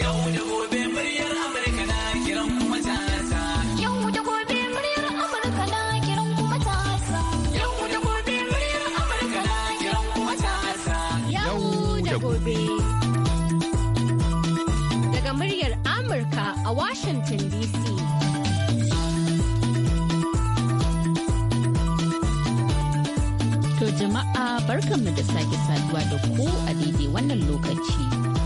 Yau da gobe muryar Amurka na kiran kuma ta Yau da gobe muryar Amurka na kiran kuma ta Yau da gobe muryar Amurka na kiran kuma ta Yau da gobe. Daga muryar Amurka a Washington DC. To jama'a barkanmu da sake saduwa da ku a daidai wannan lokaci.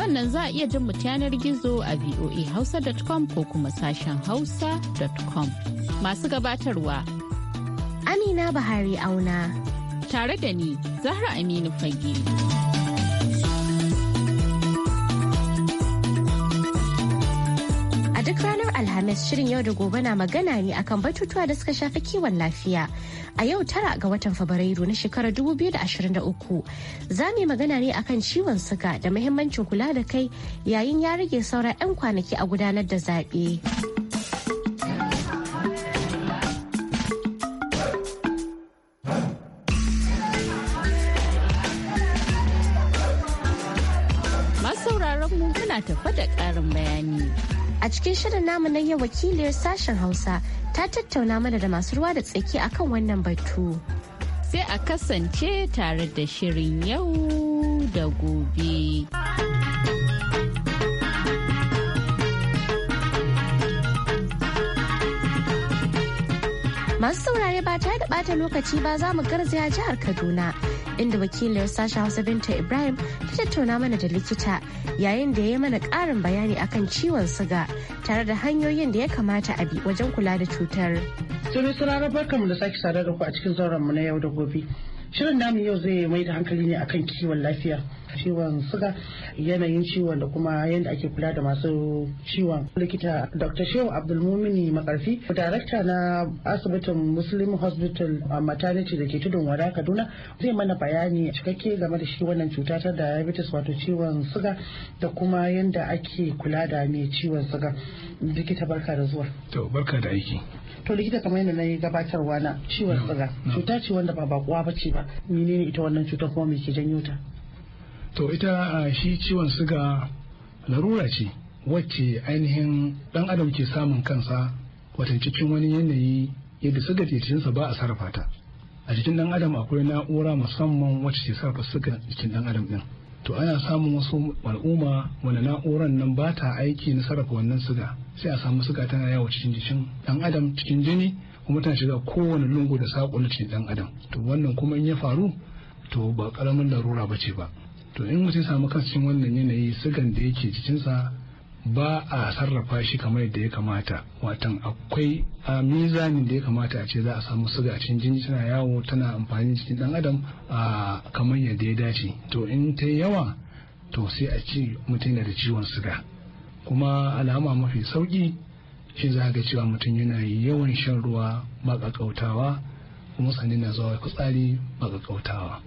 sannan za a iya jin mu yanar gizo a voahausa.com ko kuma sashen hausa.com. Masu gabatarwa. Amina Bahari Auna. Tare da ni, Zahra Aminu Fagili. Alhamis shirin yau da gobe na magana ne akan batutuwa da suka shafi kiwon lafiya. A yau tara ga watan Fabrairu na shekarar 2023 za mu magana ne akan ciwon suga da muhimmancin kula da kai yayin ya rage sauran 'yan kwanaki a gudanar da zaɓe. masauraron mu muna tafa da ƙarin bayani. A cikin shirin namu na yau wakiliyar sashen Hausa ta tattauna mana da masu ruwa da tsaki akan wannan batu. Sai a kasance tare da shirin yau da gobe. Masu saurare ba tare da bata lokaci ba za mu garzaya jihar Kaduna. inda wakilin sashen hausa binta ibrahim ta tattauna mana da likita yayin da ya yi mana ƙarin bayani akan ciwon siga tare da hanyoyin da ya kamata a bi wajen kula da cutar. Tuni suna na mu da sake sadar da ku a cikin zauren mu na yau da gobe. Shirin namu yau zai mai da hankali ne akan kiwon lafiya. ciwon suga yanayin ciwon da kuma yadda ake kula da masu ciwon likita dr shehu abdulmumini makarfi darakta na asibitin muslim hospital a maternity da ke tudun wada kaduna zai mana bayani cikakke game da shi wannan cuta ta diabetes wato ciwon suga da kuma yadda ake kula da mai ciwon suga likita barka da zuwa to barka da aiki to likita kamar yadda na yi gabatarwa na ciwon suga cuta ce wanda ba bakuwa ba ce ba menene ita wannan cutar kuma mai ke janyo ta to ita shi ciwon suga larura ce wacce ainihin dan adam ke samun kansa watan cikin wani yanayi yadda suga ke cikinsa ba a sarrafa ta a jikin dan adam akwai na'ura musamman wacce ke sarrafa suga jikin dan adam din to ana samun wasu al'umma wanda na'uran nan ba ta aiki na sarrafa wannan suga sai a samu suga tana yawo cikin jikin dan adam cikin jini kuma tana shiga kowane lungu da saƙo na cikin dan adam to wannan kuma in ya faru to ba ƙaramin larura ba ce ba to in mutum samu cikin wannan yanayi sigan da yake cikinsa ba a sarrafa shi kamar yadda ya kamata watan akwai a mizanin da ya kamata a ce za a samu suga cikin jini tana yawo tana amfani cikin dan adam a kamar yadda ya dace to in ta yawa to sai a ce mutum yana da ciwon suga kuma alama mafi sauki shi za ga cewa mutum yana yawan shan ruwa ba ƙaƙƙautawa kuma sannan na zuwa fitsari ba ƙaƙƙautawa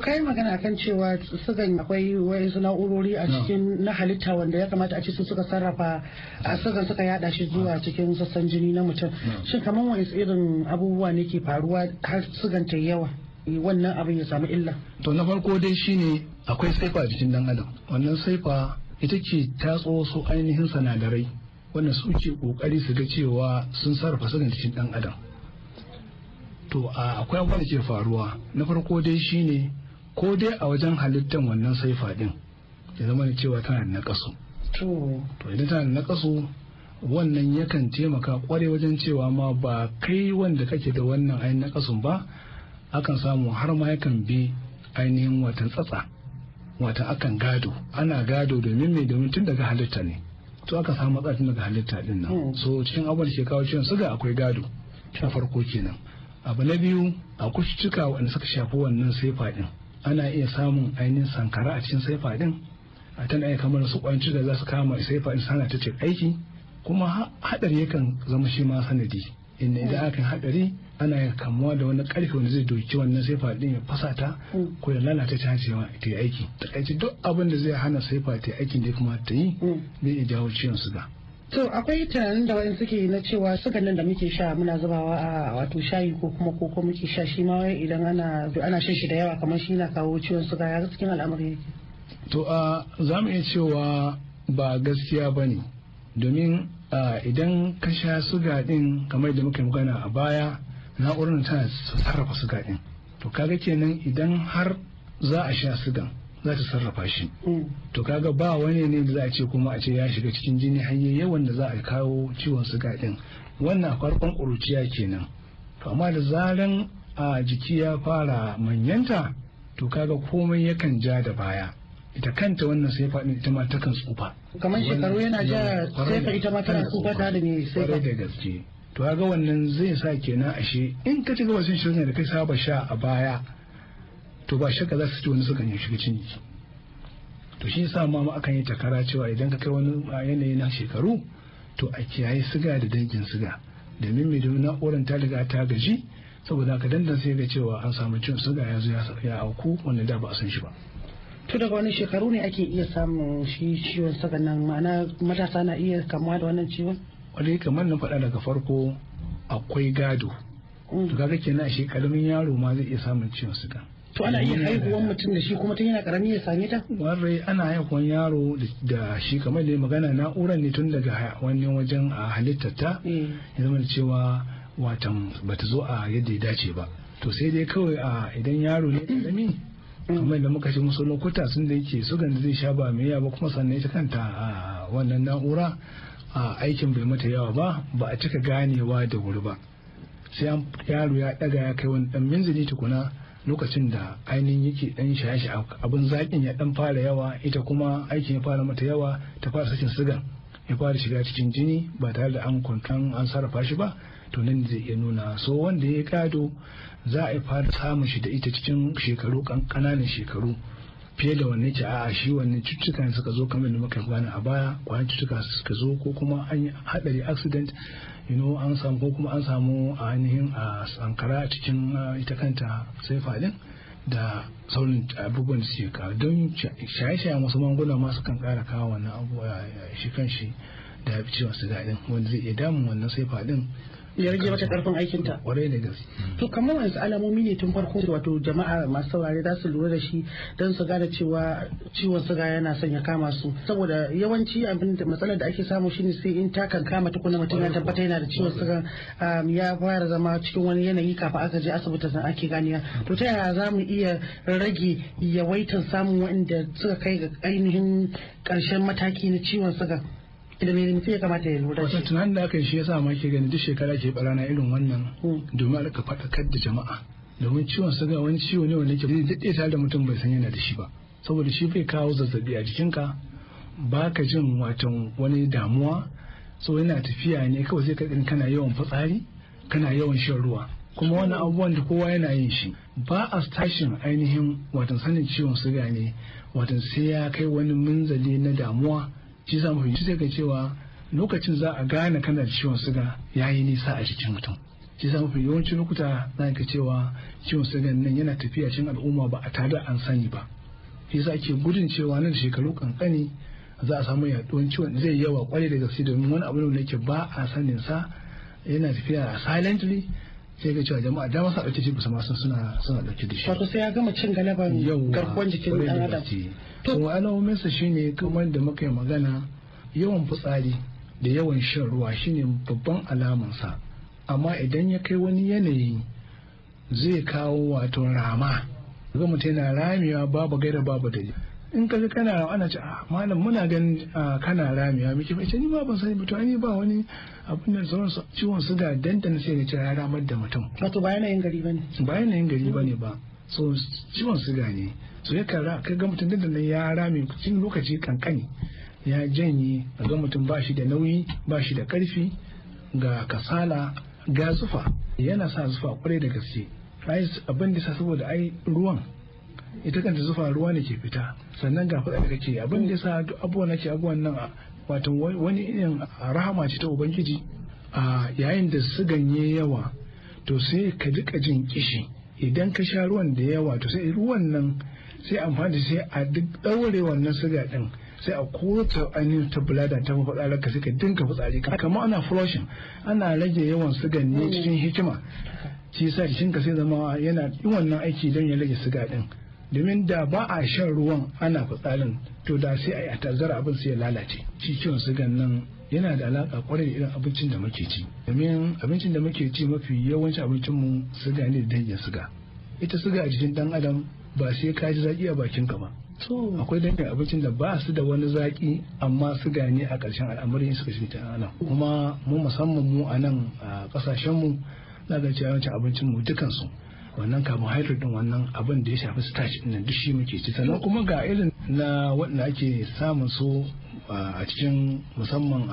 kai magana kan cewa sugan akwai suna na'urori a cikin na halitta wanda ya kamata a ce suka sarrafa a sugan suka yada shi zuwa cikin sassan jini na mutum shin kamar wani irin abubuwa ne ke faruwa har sugan ta yawa eh, wannan abin ya samu illa to na farko dai shine akwai saifa a jikin dan adam wannan saifa ita ce tatso su ainihin sanadarai wanda suke kokari su ga cewa sun sarrafa sugan jikin dan adam to akwai abubuwa da ke faruwa na farko dai shine ko dai a wajen halittar wannan saifa din ya zama cewa tana da nakasu to idan tana da nakasu wannan yakan taimaka kware wajen cewa ma ba kai wanda kake da wannan ainihin nakasun ba akan samu har ma yakan bi ainihin watan tsatsa watan akan gado ana gado domin mai domin tun daga halitta ne to aka samu matsa tun daga halitta din nan hmm. so cikin abin da ke kawo ciwon suga akwai gado ta farko kenan abu na biyu a cika wanda suka shafi wannan sai din ana iya samun ainihin sankara a cikin saifa din a tana iya kamar su kwanci da za su kama saifa in sana ta ce aiki kuma hadari yakan zama shi ma sanadi inda idan aka hadari ana iya kamuwa da wani karfe wanda zai doki wannan saifa din ya fasa ta ko ya lalata ta cewa ta yi aiki takaici duk abin da zai hana saifa ta yi aikin da kuma ta yi zai mm. iya jawo ciwon suga To akwai tunanin da wa'in suke na cewa suka nan da muke sha muna zubawa a wato shayi ko kuma koko muke sha shi ma idan ana shan shi da yawa kamar shi na kawo ciwon suga ya cikin al'amari yake. To a za mu iya cewa ba gaskiya ba ne domin idan ka sha suga din kamar da muka magana a baya na'urar tana sarrafa suga din to kaga kenan idan har za a sha sugan za ta sarrafa shi mm. to kaga ba wani ne da za a ce kuma a ce ya shiga cikin jini hanyar yawan da za a kawo ciwon suga din wannan farkon kuruciya kenan to amma da zaran a jiki ya fara manyanta to kaga komai yakan ja da baya ita kanta wannan sai faɗin ita ma ta kan tsufa kamar shekaru yana ja sai fa ita ma kan tsufa ta da ne sai da gaske to kaga wannan zai sa kenan ashe in ka ci gaba sun shirin da kai saba sha a baya to ba shakka za su ci wani sukan shiga ciniki to shi yasa ma akan yi takara cewa idan ka kai wani yanayi na shekaru to a kiyaye siga da dangin siga domin mai domin na'urar ta riga ta gaji saboda ka dandan sai ga cewa an samu ciwon siga ya zo ya auku wanda da ba a san shi ba to daga wani shekaru ne ake iya samun shi ciwon siga nan ma'ana matasa na iya kamuwa da wannan ciwon wanda kamar na faɗa daga farko akwai gado mm. to kaga kenan shi karamin yaro ma zai iya samun ciwon siga to ana iya haihuwan mutum da shi kuma tun yana karami ya same ta warre ana haihuwan yaro da shi kamar da magana na'urar ne tun daga wani wajen a halittar ta mm. ya zama cewa watan bata zo a yadda ya dace ba to sai dai kawai a idan yaro ne karami mm. kamar da muka ce musu lokuta sun da yake su ganda zai sha ba mai yaba kuma sannan ita kanta a wannan na'ura a aikin bai mata yawa ba ba a cika ganewa da wuri ba sai yaro ya daga ya kai wani dan minzili tukuna lokacin da ainihin yake dan shashi abin zaƙin ya dan fara yawa ita kuma aikin ya fara mata yawa ta fara sakin sigan ya fara shiga cikin jini ba tare da an kwantan an sarrafa shi ba to nan zai iya nuna so wanda ya kado za a fara samun shi da ita cikin shekaru kan kananan shekaru fiye da wanne ce a shi wannan cututtukan suka zo kamar da muka gani a baya kwanan cututtuka suka zo ko kuma an yi hadari accident you know an samu ko kuma an samu a ainihin a sankara a cikin ita kanta sai fadin da saurin abubuwan da suke kawo don shaye-shayen wasu manguna masu kan kara kawo wannan abu shi kan shi da ciwon su daɗin wanda zai iya damun wannan sai fadin ya rage mata karfin aikin ta kwarai da gaske to kamar alamomi ne tun farko wato jama'a masu saurare za su lura da shi don su gane cewa ciwon suga yana son ya kama su saboda yawanci abin da matsalar da ake samu shine sai in ta kan kama tukuna mutum ya tabbata yana da ciwon suga um, ya fara zama cikin wani yanayi kafin aka je asibiti san ake ganiya to ta yaya za mu iya rage yawaitar samun waɗanda suka kai ga ainihin ƙarshen mataki na ciwon suga ilimi mutum ya kamata ya lura shi tunanin da aka yi shi yasa ma ke gani duk shekara ke barana irin wannan hmm. domin ka faɗakar da jama'a domin ciwon suga wani ciwo ne wanda ke daɗe tare da mutum bai san yana da shi ba saboda shi bai kawo zazzabi a jikinka ba ka jin watan wani damuwa so yana tafiya ne kawai sai ka kana yawan fitsari kana yawan shan ruwa kuma wani abubuwan da kowa yana yin shi ba a tashin ainihin watan sanin ciwon suga ne watan sai ya kai wani munzali na damuwa shi za mu fahimci sai ga cewa lokacin za a gane kana da ciwon suga ya yi nisa a jikin mutum shi za mu fi yawancin lokuta za ka cewa ciwon suga nan yana tafiya cikin al'umma ba a tare an sani ba shi za ke gudun cewa nan da shekaru kankani za a samu yaduwan ciwon zai yawa kwarai da gaske domin wani abu ne yake ba a sanin sa yana tafiya silently sai ga cewa jama'a dama sa dauke shi kusa ma suna suna ɗauke da shi wato sai ya gama cin galaban garkuwan jikin ɗan adam to alamominsa shine kamar da muka yi magana yawan fitsari da yawan shan ruwa shine babban alamansa amma idan ya kai wani yanayi zai kawo wato rama ga mutum yana ramewa babu gaira babu da in ka kana ana ce ah, malam muna ganin ah, kana ramewa muke ce ni ba ban sani ba to ni ba wani abin da sauran ciwon suga na sai ya ce ya ramar da mutum wato ba yanayin gari bane ba yanayin gari bane ba so ciwon suga ne so yakan ra ka ga mutum da nan ya rame cikin lokaci kankani ya janye ga mutum ba shi da nauyi ba shi da karfi ga kasala ga zufa yana sa zufa kwarai da gaske ai abin da sa saboda ai ruwan ita kanta zufa ruwa ne ke fita sannan ga faɗa kake abin da sa duk abubuwan nake abuwan nan wato wani irin rahama ce ta ubangiji a yayin da su ganye yawa to sai ka jika jin kishi idan ka sha ruwan da yawa to sai ruwan nan sai amfani sai a duk ɗaure wannan siga ɗin sai a kowace ainihin ta bulada ta mafaɗa ka suka dinka fitsari kamar ana flushing ana rage yawan sigan ne cikin hikima shi sa ka sai zama yana yin wannan aiki don ya rage siga ɗin domin da ba a shan ruwan ana fitsarin to da sai a yi a tazara abin sai ya lalace shi ciwon sigan nan yana da alaƙa kwarai da irin abincin da muke ci domin abincin da muke ci mafi yawancin abincinmu siga ne da dangin siga ita siga a jikin dan adam ba sai ka ji zaki a bakin ka ba akwai dangin abincin da ba su da wani zaki amma su gane a ƙarshen al'amarin suka shi ta nan kuma mu musamman mu a nan a ƙasashen mu na da cewa abincin mu dukansu wannan carbohydrate din wannan abin da ya shafi starch din duk shi muke ci sannan kuma ga irin na wanda ake samun su a cikin musamman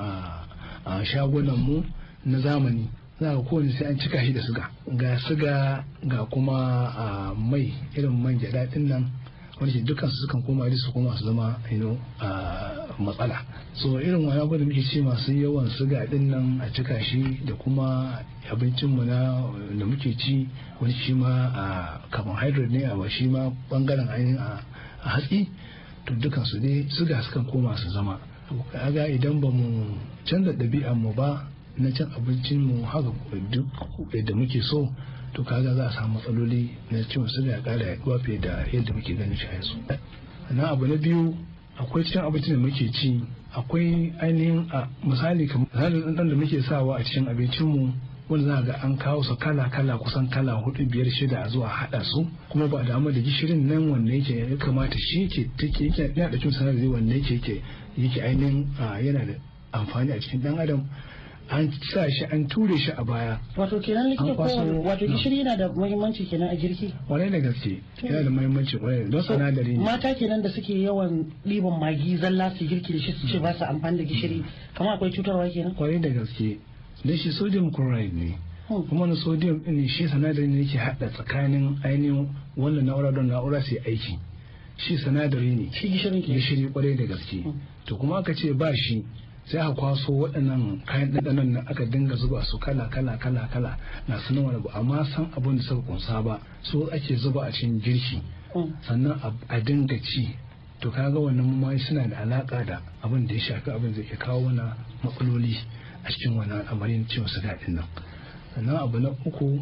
a shagunan mu na zamani za ga kowane sai an cika shi da suga ga suga ga kuma a mai irin man gyaɗa nan wani dukkan su sukan koma su koma su zama ino a matsala so irin wani abu da muke ce masu yawan suga din nan a cika shi da kuma abincinmu na da muke ci wani shi ma a carbohydrate ne a shi ma bangaren ainihin a hatsi to dukkan su dai suga sukan koma su zama ga idan ba mu canza ɗabi'ar mu ba na cin abincin mu haka duk yadda muke so to kaga za a samu matsaloli na ciwon suga ya kara yaduwa fiye da yadda muke ganin shi yanzu na abu na biyu akwai cikin abincin da muke ci akwai ainihin a misali kamar ɗan da muke sawa a cikin abincin mu wanda za ga an kawo su kala kala kusan kala hudu biyar shida a zuwa haɗa su kuma ba damu da gishirin nan wanne yake ya kamata shi ke take yake yana da cin sanarwa wanne yake yake ainihin yana da amfani a cikin ɗan adam an sa shi an ture shi a baya wato kenan likita ko wato gishiri yana da muhimmanci kenan a girki kwarai da gaske yana da muhimmanci kwarai don sanadari ne mata kenan da suke yawan ɗiban magi zalla su girki da shi su ce ba su amfani da gishiri mm. kamar akwai cutarwa kenan kwarai da gaske dan shi sodium chloride ne hmm. kuma na sodium din shi sanadari ne yake hada tsakanin ainihin wannan na'ura don na'ura sai aiki shi sanadari ne shi gishirin ke gishiri kwarai da gaske hmm. to kuma aka ce ba shi sai akwaso kwaso waɗannan kayan ɗanɗanon na aka dinga zuba su kala kala kala kala na sunan wani ba amma san abin da suka kunsa ba su ake zuba a cikin girki mm. sannan a dinga ci to kaga wannan ma suna da alaka da abin da ya shafi abin da zai kawo wani matsaloli a cikin wani amarin ciwon suga din nan sannan abu na uku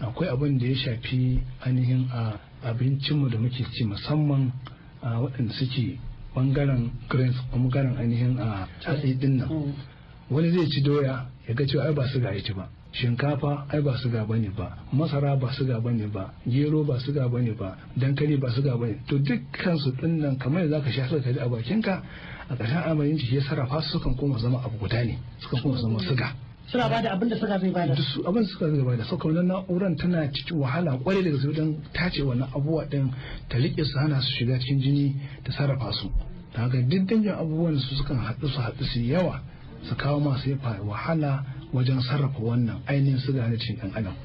akwai abin da ya shafi ainihin a abincinmu da muke ci musamman a waɗanda suke bangaren grains bangaren ainihin a ah, hatsi din nan hmm. wani zai ci doya ya ga cewa ai ba ga ya ci ba shinkafa ai ba suga bane ba masara ba suga bane ba gero ba suga bane ba dankali ba suga bane to dukkan su din nan kamar yadda zaka sha suka a ka a ƙarshen amarin shi ya sarrafa su sukan koma zama abu guda ne sukan koma zama suga suna bada abin da suka zai bada su abin suka zai bada saka wannan na'uran tana cikin wahala kwarai daga gaske don tace wannan abubuwa din ta rike su hana su shiga cikin jini ta sarrafa su daga ga dangin abubuwan su sukan haɗu su haɗu su yawa su kawo masu yafa wahala wajen sarrafa wannan ainihin suga na cikin ɗan adam.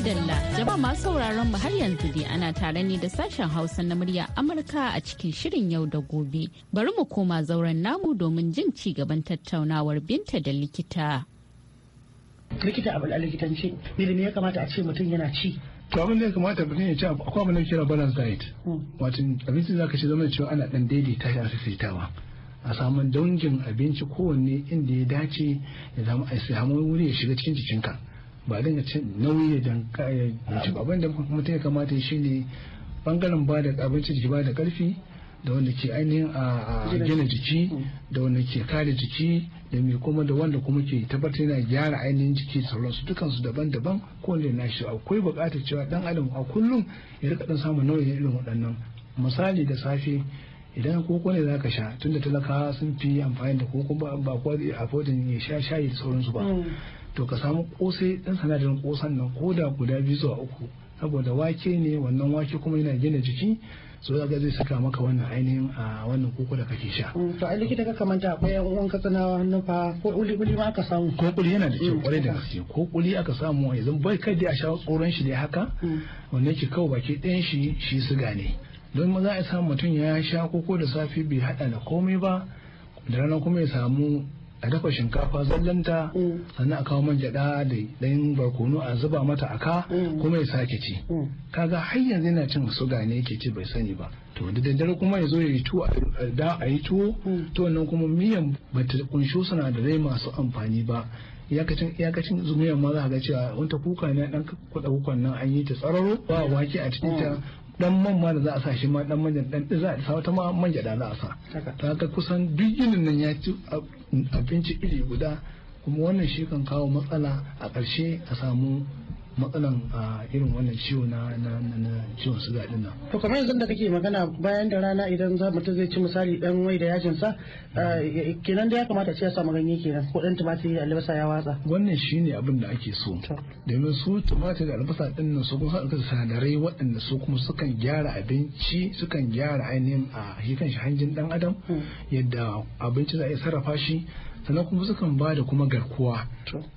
Madalla jama'a masu sauraron mu har yanzu dai ana tare ne da sashen Hausa na murya Amurka a cikin shirin yau da gobe. Bari mu koma zauren namu domin jin ci gaban tattaunawar binta da likita. Likita abu likitanci ne da ya kamata a ce mutum yana ci to abin da ya kamata mutum ya ci akwai abin da kira balance diet hmm. wato abincin zaka ci zama cewa ana dan daidaita shi a sassaitawa a samun dangin abinci kowanne inda ya dace ya zama a samu wuri ya shiga cikin jikinka ba dinga cin nauyi da kayan ci abin da mutum ya kamata shi ne bangaren ba da abinci da ba da karfi da wanda ke ainihin a gina jiki mm. da wanda ke kare jiki da mai kuma da wanda kuma ke tabbatar yana gyara ainihin jiki da sauransu dukansu daban-daban ko wanda na shi akwai buƙatar cewa dan adam a kullum ya rika dan samun nauyin irin waɗannan misali da safe idan koko ne zaka sha tunda talakawa sun fi amfani da koko ba ba ko a fodin ya sha shayi da sauransu ba mm. to ka samu kosai ɗan sanadin kosan nan ko da guda biyu zuwa uku saboda wake ne wannan wake kuma yana gina jiki so ga zai saka maka wannan ainihin a wannan koko da kake sha. Mm, to a likita ka kamanta akwai yan uwan katsinawa na fa ko kuli kuli ma aka samu. ko kuli yana da kyau kwarai mm, da gaske ko kuli aka samu yanzu bai kai da a sha tsoron shi da haka mm. wannan ki kawo baki ɗayan shi shi suga ne. don za a samu mutum ya sha koko da safe bai hada da komai ba da rana kuma ya samu a dafa shinkafa zallanta mm. sannan a kawo man da ɗayan barkono a zuba mata a ka mm. kuma ya sake ci mm. kaga har yanzu yana cin suga ne yake ci bai sani ba to da daddare kuma ya zo ya yi tuwo da a yi tuwo to nan kuma miyan ba ta kunshi sinadarai masu amfani ba iyakacin iyakacin zumiyar ma za ka ga cewa wata kuka ne dan kuɗa kukan nan an yi ta tsararo ba wake a cikin ta dan man ma da za a sa shi ma dan da dan za a sa wata ma manja da za a sa ta ga kusan duk yinin nan ya ci abinci iri guda kuma wannan shi kan kawo matsala a ƙarshe a samu matsalan a irin wannan ciwo na ciwon suga din nan. To kamar yanzu da kake magana bayan da rana idan za mutum zai ci misali dan wai da yajin sa kenan da ya kamata ce ya samu ganye kenan ko dan tumatir da albasa ya watsa. Wannan shine abin da ake so. Domin su tumatir da albasa din nan su kuma suka sanadarai waɗanda su kuma sukan gyara abinci sukan gyara ainihin a shi kanshi hanjin dan adam hmm. yadda abinci za a sarrafa shi sannan kuma sukan ba da kuma garkuwa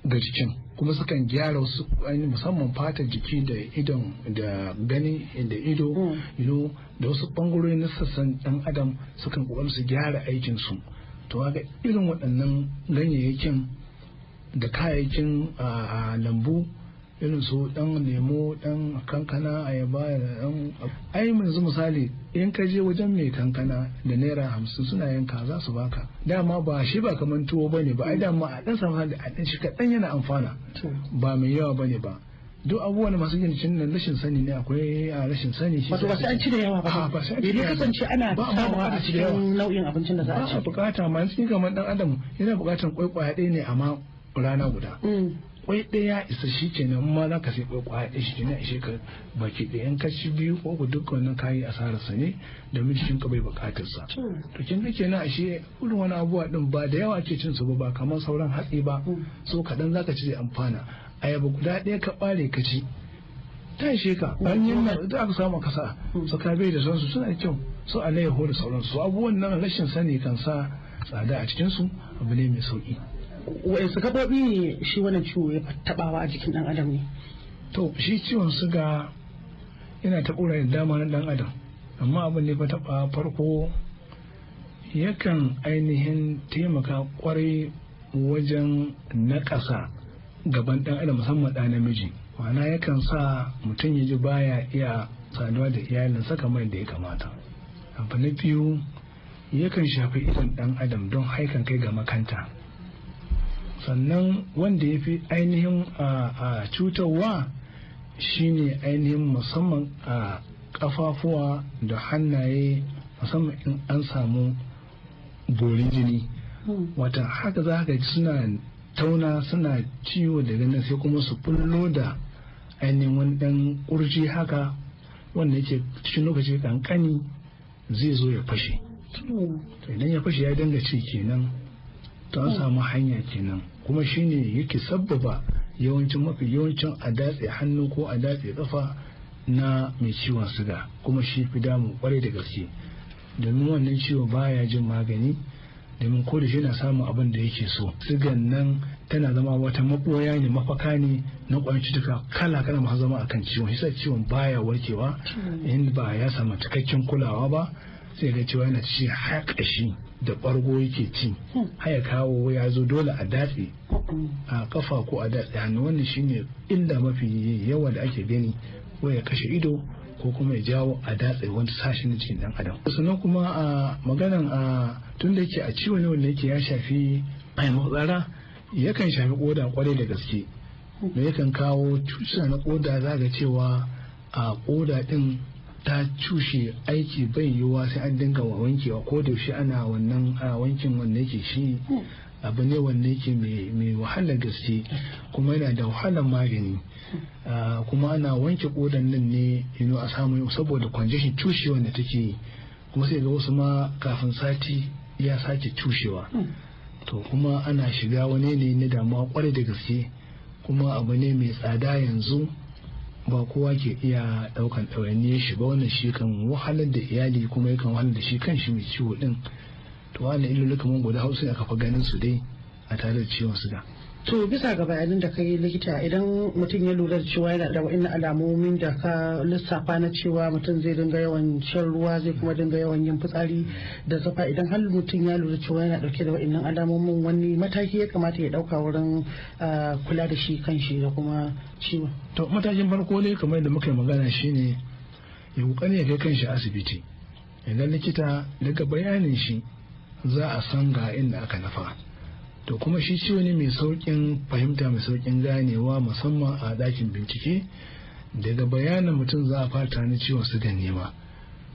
ga jikin. kuma sukan gyara wasu musamman fatar jiki da idon da gani da ido mm. you da wasu bangarori na sassan dan adam sukan kokarin su gyara aikin su to ga irin waɗannan ganyayyakin da kayayyakin ah, ah, lambu irin su dan lemo dan kankana ayaba da dan ai yanzu misali in ka je wajen mai kankana da naira hamsin suna yin kaza su baka dama ba shi ba kaman tuwo bane ba ai dama a dan sama da dan shi kadan yana amfana ba mai yawa bane ba duk abubuwan masu cin nan rashin sani ne akwai a rashin sani shi ba sai an ci da yawa ba ba sai an kasance ana samu a cikin nau'in abincin da za a ci ba bukata ma yanzu kamar dan adam yana bukatan kwaikwaya ɗaya ne amma rana guda mm. kwai ɗaya isa shi kenan ma za ka sai kwai kwaya ɗaya shi kenan ishe ka baki ɗaya in ka biyu ko ku duk wannan kayi asararsa ne domin cikin ka bai bukatar sa to kin ga kenan ashe irin wani abubuwa din ba da yawa ke cin su ba kamar sauran hatsi ba mm. so kaɗan za ka ci zai amfana ayaba guda ɗaya ka ɓare ka ci ta ishe ka mm. yi nan da aka samu kasa mm. su bai da sansu suna da kyau su alayyahu da sauransu abubuwan nan rashin sani kan sa tsada a cikinsu abu ne mai sauki su gaɓoɓi ne shi wannan ciwo ya taɓawa a jikin ɗan adam ne to shi ciwon suga yana ta taɓura da dama na ɗan adam amma abin da ya taɓa farko yakan ainihin taimaka kwarai wajen naƙasa gaban ɗan adam musamman ɗa namiji ma'ana yakan sa mutum ya ji baya iya saduwa da iyalin saka kamar da ya kamata abu na biyu yakan shafi idon ɗan adam don haikan kai ga makanta sannan wanda ya fi ainihin a cutarwa shine ainihin musamman a kafafuwa da hannaye musamman in an samu gori jini hmm. wata haka za ka ji suna tauna suna ciwo da nan sai kuma su bullo da ainihin wani dan kurji haka wanda yake cikin lokaci kankani zai zo ya fashe hmm. idan ya fashe ya danga ci kenan to an hmm. samu hanya kenan kuma shine yake sabbaba yawancin mafi yawancin a datse hannu ko a datse kafa na mai ciwon suga kuma shi fi damu kwarai da gaske domin wannan ciwon baya jin magani domin ko da shi na samun abin da yake so sigan nan tana zama wata maboya ne mafaka ne na kwayan cutuka kala kala masu zama akan ciwon shi ciwon baya warkewa hmm. in ba ya samu cikakken kulawa ba sai ga cewa yana ci har ƙashi da ɓargo yake ci hmm. haya kawo ya zo dole a datse hmm. a kafa ko a datse hannu wannan shine illa mafi yawa da ake gani ya kashe ido ko kuma ya jawo a datse wani sashen na cikin dan adam sannan kuma a maganan a tun da yake a ciwon ne wanda yake ya shafi a matsara yakan shafi koda kwarai da gaske da hmm. yakan kawo cuta na koda za ga cewa a koda din ta cushe aiki bai yiwuwa sai an dinga wa wankewa ko da shi ana wannan wankin wanda yake shi abu ne wanda yake mai wahalar gaske kuma yana da wahalar magani kuma ana wanke kodan nan ne yano a samu saboda kwanjeshin cushe wanda take kuma sai ga wasu ma kafin sati ya sake cushewa to kuma ana shiga wani ne na damuwa kwarai da gaske kuma abu ne mai tsada yanzu ba kowa ke iya daukan ɗawainiyar shi ba wannan shi kan wahalar da iyali kuma yakan wahalar da shi kan shi mai ciwo ɗin to wani illoli kamar guda hausa aka fa ganin su dai a tare da ciwon suga to bisa ga bayanin da kai likita idan mutum ya lura da cewa yana da wa'in alamomin da ka lissafa na cewa mutum zai dinga yawan shan ruwa zai kuma dinga yawan yin fitsari da zafa idan har mutum ya lura cewa yana dauke da wa'in alamomin wani mataki ya kamata ya dauka wurin ah, kula da shi kan shi da kuma ciwon to matakin farko ne kamar da muka yi magana shine ya kokari ya kai kanshi asibiti idan likita daga bayanin shi za a san ga inda aka nafa to kuma shi ciwo ne mai saukin fahimta mai saukin ganewa musamman a dakin bincike daga bayanan mutum za a fata na ciwon su ne ma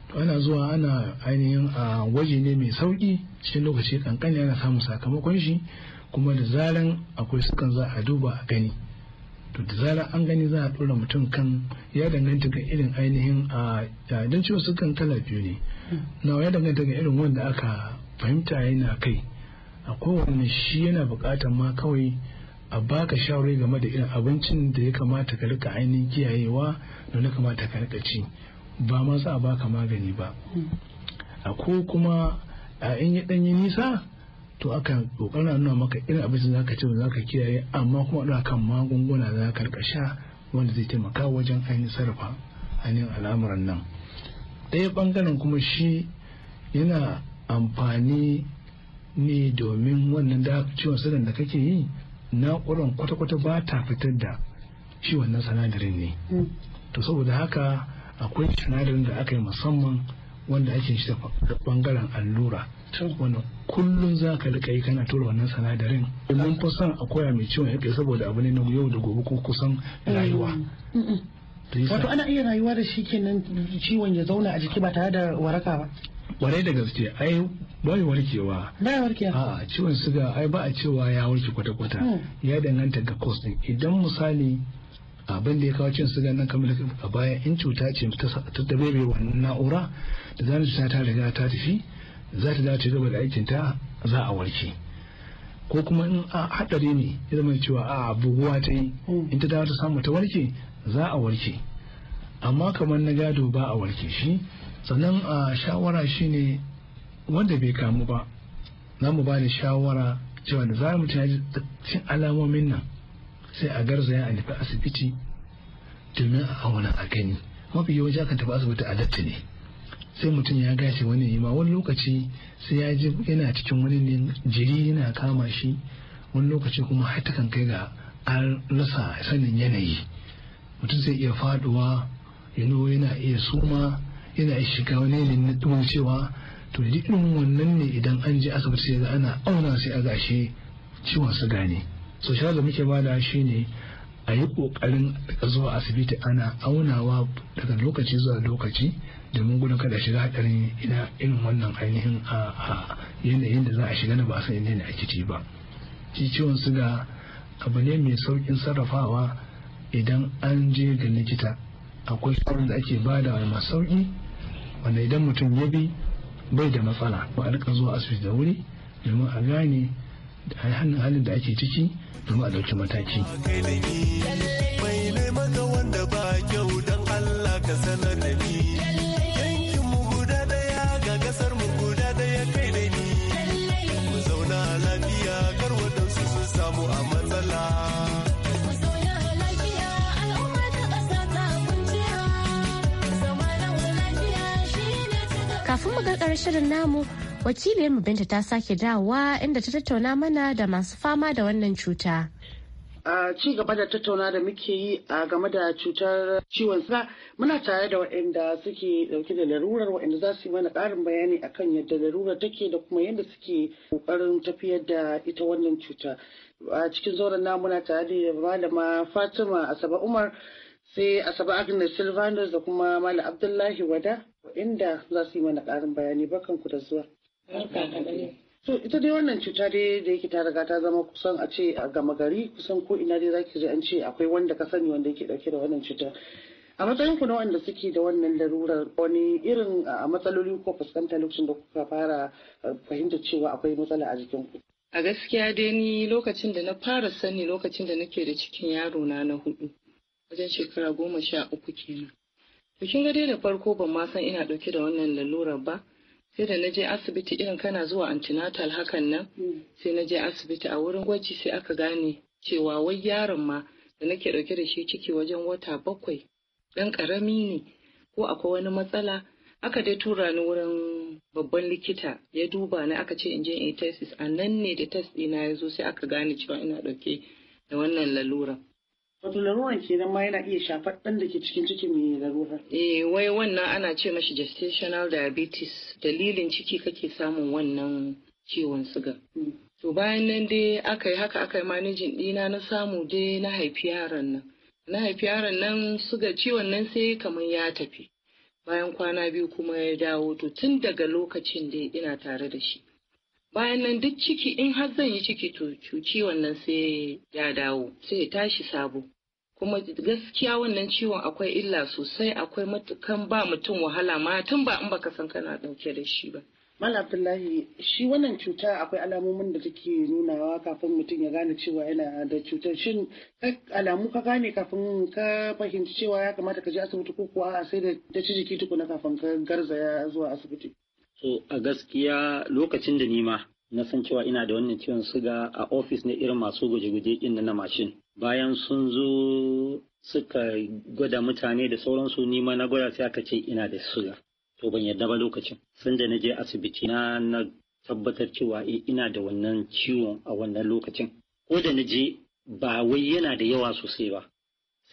to ana zuwa ana ainihin a waje ne mai sauki cikin lokaci kankan ana samun sakamakon shi kuma da zaran akwai sukan za a duba a gani to da zarar an gani za a ɗora mutum kan ya danganta ga irin ainihin a don ciwon sukan kala biyu ne hmm. na ya danganta ga irin wanda aka fahimta yana kai a kowane shi yana buƙatar ma kawai a baka shawarai game da irin abincin da ya kamata ka rika ainihin kiyayewa da na kamata ka rika ci ba ma za a baka magani ba a ko kuma a in yi ɗanyi nisa to aka kokarin nuna maka irin abincin zaka ci zaka kiyaye amma kuma da kan magunguna za ka rika sha wanda zai taimaka wajen ainihin sarrafa ainihin al'amuran nan ɗaya ɓangaren kuma shi yana amfani ne domin wannan da ciwon sanar da kake yi na'urar kwata-kwata ba ta fitar da shi wannan sanadarin ne mm. to saboda haka akwai sanadarin da aka yi musamman wanda ake shi da bangaren allura wannan kullum za ka rika yi kana tura wannan sanadarin domin kusan a koya mai ciwon yake saboda abu ne na yau da gobe ko kusan rayuwa mm. wato ana iya rayuwa da shi kenan ciwon ya zauna a jiki ba tare da waraka ba kwarai da gaske ai bai warkewa bai warkewa a ciwon suga ai ba a cewa ya warke kwata-kwata hmm. ya danganta ga cost din idan misali abin da ya kawo cin suga nan kamar a bayan in cuta ce ta dabebe wannan na'ura da zanen ta ta riga ta tafi za ta dace gaba da aikin ta za a warke ko kuma in a hadari ne ya zama cewa a buguwa ta yi hmm. in ta dawo ta samu ta warke za a warke amma kamar na gado ba a warke shi sannan a shawara shine wanda bai kamu ba za mu ba da shawara cewa da za mu ya alamomin nan sai a garzaya a nufi asibiti domin a auna a gani mafi yawanci akan tafi asibiti a latta ne sai mutum ya gashi wani ma wani lokaci sai ya ji yana cikin wani ne jiri yana kama shi wani lokaci kuma har kai ga an rasa sanin yanayi mutum zai iya faduwa yanzu yana iya suma yana iya shiga wani yanayin na cewa to din wannan ne idan an je asibiti sai ana auna sai a gashi ciwon suga ne so shi da muke bada ne a yi kokarin zuwa asibiti ana aunawa daga lokaci zuwa lokaci domin gudun kada shiga hadarin ina irin wannan ainihin a yanayin da za a shiga na ba a san yanayin ake ci ba shi ciwon suga abu ne mai saukin sarrafawa idan an je ga likita akwai shawarar da ake bada wa masu sauki wanda idan mutum ya bi bai da matsala ba a rika zuwa asibiti da wuri domin a gane da halin da ake ciki domin a ɗauki mataki. matukar shirin namu wakiliyarmu binta ta sake dawowa inda ta tattauna mana da masu fama da wannan cuta. a ci gaba da tattauna da muke yi a game da cutar ciwon sa muna tare da waɗanda suke ɗauke da larurar waɗanda za su yi mana ƙarin bayani akan yadda larurar take da kuma yadda suke ƙoƙarin tafiyar da ita wannan cuta a cikin zauren na muna tare da malama fatima asaba umar sai asaba agnes silvanus da kuma malam abdullahi wada inda za su yi mana ƙarin bayani barkan ku da zuwa. So ita dai wannan cuta dai da yake ta riga ta zama kusan a ce a gama gari kusan ko ina dai zaki ji an ce akwai wanda ka sani wanda yake dauke da wannan cuta. A matsayin ku na wanda suke da wannan larurar wani irin a matsaloli ko fuskanta lokacin da kuka fara fahimtar cewa akwai matsala a jikin ku. A gaskiya dai ni lokacin da na fara sani lokacin da nake da cikin yaro na na hudu wajen shekara goma sha uku kenan. Bikin gade da farko ban ma san ina ɗauke da wannan lalurar ba. Sai da naje asibiti irin kana zuwa antinatal hakan nan. Mm. Sai naje asibiti a wurin gwaji sai aka gane cewa wai yaron ma da nake ɗauke da shi ciki wajen wata bakwai ɗan ƙarami ne ko akwai wani matsala aka dai tura ni wurin babban likita ya duba ni aka ce in je in a nan ne da test ɗina ya zo sai aka gane cewa ina ɗauke da wannan lalurar. Wato laruran kenan ma yana iya shafar ɗan da ke cikin ciki mai larura. Eh wai wannan ana ce mashi gestational diabetes dalilin ciki kake samun wannan ciwon suga. Hmm. To bayan nan dai aka yi haka aka yi manijin ɗina na samu dai na haifi yaron nan. Na haifi yaron nan suga ciwon nan sai kamar ya tafi. Bayan kwana biyu kuma ya dawo to tun daga lokacin dai ina tare da shi. bayan nan duk ciki in har zan yi ciki to ciwon nan sai ya dawo sai ya tashi sabo kuma gaskiya wannan ciwon akwai illa sosai akwai matukan ba mutum wahala ma tun ba in baka san kana dauke da shi ba Malam Abdullahi shi wannan cuta akwai alamomin da take nunawa kafin mutum ya gane cewa yana da cutar shin alamu ka gane kafin ka fahimci cewa ya kamata ka je asibiti ko kuwa a sai da ta ci jiki tukuna kafin ka garzaya zuwa asibiti. So a gaskiya lokacin da nima na san cewa ina da wannan ciwon suga a ofis na irin masu guje-guje din na mashin. Bayan sun zo suka gwada mutane da sauransu nima na gwada sai aka ce ina da suga. To ban yarda ba lokacin. Sanda na je asibiti na na tabbatar cewa eh, ina da wannan ciwon a wannan lokacin. Ko da na je ba wai yana da yawa sosai ba.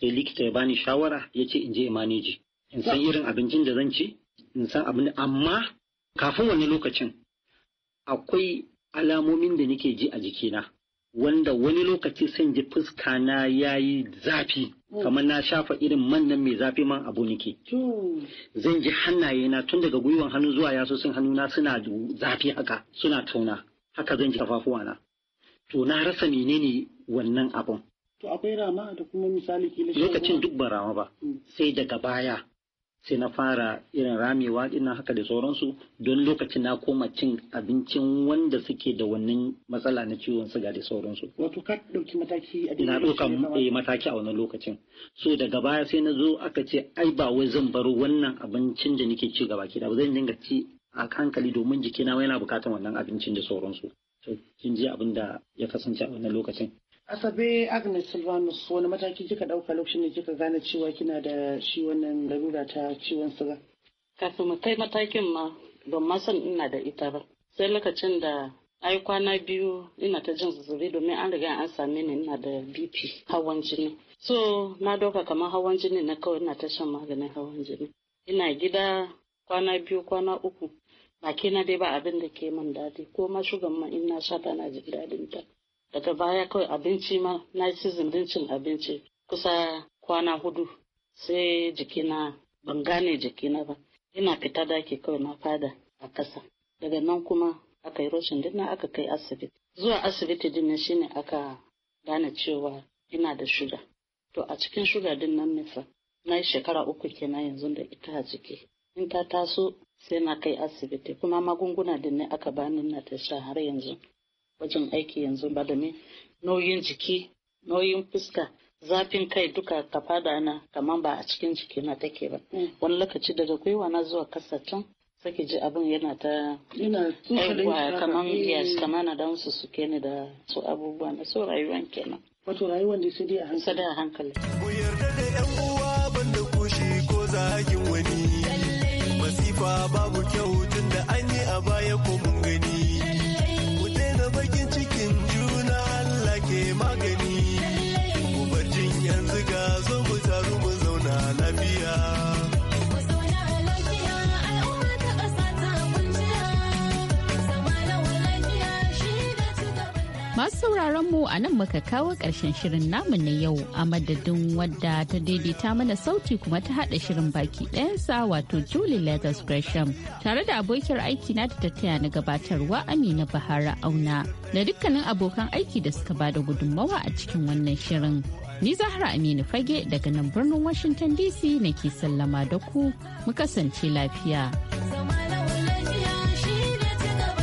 Sai likita ya bani shawara ya ce in je maneji. In san irin abincin da zan ci, in san abin amma kafin wani lokacin akwai alamomin da nake ji a jikina wanda wani lokaci san ji fuska na yayi zafi hmm. kamar na shafa irin man nan mai zafi man abu nake zan ji hannaye na tun daga gwiwan hannu zuwa sun hannu na suna zafi haka suna tauna haka zan ji kafafuwa na to na rasa menene wannan abun to akwai rama da kuma misali lokacin duk ba rama ba hmm. sai daga baya sai na fara irin ramewa ina haka da sauransu don lokacin na koma cin abincin wanda suke da wannan matsala na ciwon suga da sauransu. Wato ka ɗauki mataki a Na ɗauka eh, mataki a wannan lokacin. So daga baya sai na zo aka ce ai ba wai zan bar wannan abincin da nake ci gaba ke da zan dinga ci a hankali domin jikina yana bukatar wannan abincin da sauransu. To kin ji abin da ya kasance a wannan lokacin. asabe agnes silvanus wani mataki kika ɗauka lokacin da kika gane cewa kina da shi wannan larura ta ciwon siga kafin mu kai matakin ma ban ma san ina da ita ba sai lokacin da ai kwana biyu ina ta jin zazzabi domin an riga an same ni ina da bp hawan jini so na doka kamar hawan jini na kawai ina ta shan maganin hawan jini ina gida kwana biyu kwana uku baki na dai ba abin da ke man daɗi ko ma shugan ma ina na sha na jin dadin ta daga baya kawai abinci ma na yi din cin abinci kusa kwana hudu sai jikina ban gane jikina ba ina fita daki kawai na fada a kasa daga nan kuma aka yi rashin dinna aka kai asibiti zuwa asibiti din shine aka gane cewa ina da shuga to a cikin shuga din nan nufa na yi shekara uku kenan yanzu da ita a ciki in ta taso sai na kai asibiti kuma magunguna din ne aka bani na ta sha har yanzu wajen aiki yanzu ba da domin nauyin jiki nauyin fuska zafin kai duka ka fada na kamar ba a cikin jiki na take ba mm. wani lokaci daga gwiwa na zuwa kasa can sake ji abin yana ta aiwa kamar eh. yes kamar na dan su suke ne da su abubuwa na su rayuwan kenan wato rayuwan da sai dai a hankali sai a hankali ku yarda da yan uwa banda kushi ko zagin wani masifa babu kyau tunda an yi a baya ko mun sauraron mu a nan muka kawo ƙarshen shirin namu na yau a madadin wadda ta daidaita mana sauti kuma ta haɗa shirin baki ɗayansa wato Julie legas Gresham tare da abokiyar aiki na ta tattaya na gabatarwa Amina Bahara Auna da dukkanin abokan aiki da suka bada gudunmawa a cikin wannan shirin. Ni Zahra Aminu Fage daga nan birnin Washington DC nake sallama da ku mu kasance lafiya.